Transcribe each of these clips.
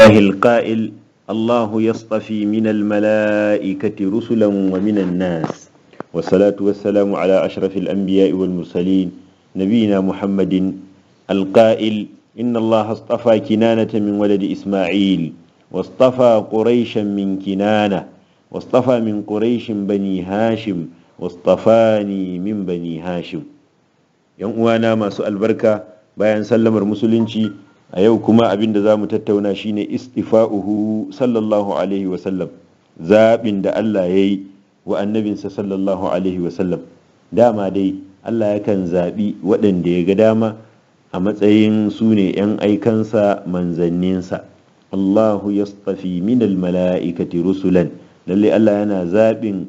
الله القائل الله يصطفي من الملائكة رسلا ومن الناس والصلاة والسلام على أشرف الأنبياء والمرسلين نبينا محمد القائل إن الله اصطفى كنانة من ولد إسماعيل واصطفى قريشا من كنانة واصطفى من قريش بني هاشم واصطفاني من بني هاشم yan uwana masu albarka bayan sallamar musulunci a yau kuma abin da za mu tattauna shine istifa'uhu sallallahu alaihi wasallam zaɓin da Allah ya yi wa annabinsa sallallahu alaihi wasallam dama dai Allah yakan zaɓi waɗanda ya ga dama a matsayin su ne 'yan aikansa manzanninsa Allahu yastafi minal mala'ikati rusulan lalle Allah yana zaɓin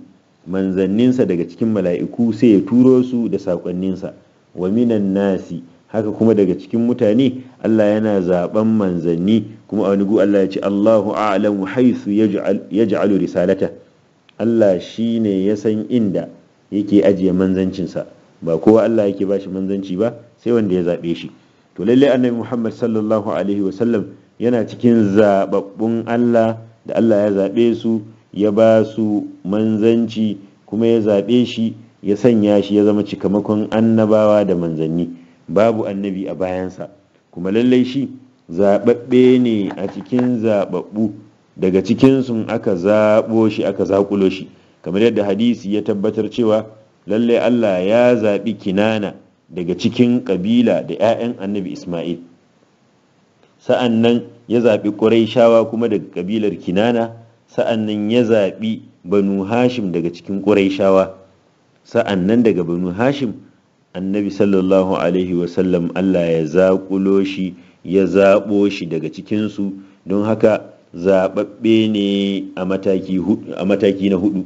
manzanninsa daga cikin mala'iku sai ya turo su da saƙonninsa wa minan nasi haka kuma daga cikin mutane Allah yana zaben manzanni kuma a wani gu Allah ya ce Allahu a'lamu haythu yaj'alu risalata Allah shine ya san inda yake ajiye manzancinsa ba kowa Allah yake bashi manzanci ba sai wanda ya zabe shi to lalle annabi Muhammad sallallahu alaihi sallam yana cikin zababbun Allah da Allah ya zabe su ya ba su manzanci kuma ya zabe shi ya sanya shi ya zama cikamakon annabawa da manzanni babu annabi a bayansa kuma lallai shi zaɓaɓɓe ne a cikin zaɓaɓɓu daga cikin sun aka zaɓo shi aka zaƙulo shi kamar yadda hadisi ya tabbatar cewa lallai Allah ya zaɓi kinana daga cikin ƙabila da 'ya'yan annabi Ismail sa'an nan ya zaɓi ƙuraishawa kuma daga ƙabilar kinana sa'an nan ya zaɓi banu hashim daga cikin ƙuraishawa sa'an nan daga banu hashim annabi sallallahu alaihi wasallam Allah ya zaƙulo shi ya zaɓo shi daga cikinsu don haka zaɓaɓɓe ne a mataki na hudu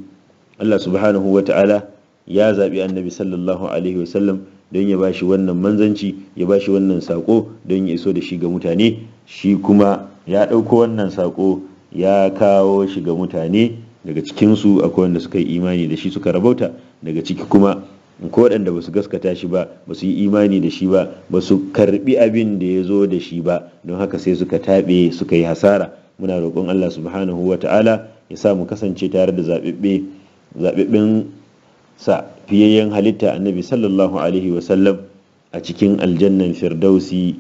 Allah subhanahu wa ta'ala ya zaɓi annabi sallallahu alaihi wasallam don ya bashi wannan manzanci ya bashi wannan saƙo don ya iso da shi ga mutane shi kuma ya ɗauko wannan saƙo ya kawo shi ga mutane daga cikinsu akwai wanda suka yi imani da shi suka rabauta daga ciki kuma ko waɗanda ba su gaskata shi ba ba su yi imani da shi ba ba su karbi abin da ya zo da shi ba don haka sai suka taɓe suka yi hasara muna roƙon allah subhanahu wa ta'ala ya sa mu kasance tare da zaɓaɓɓen sa fiyayyen halitta annabi sallallahu alaihi wasallam a cikin aljannan firdausi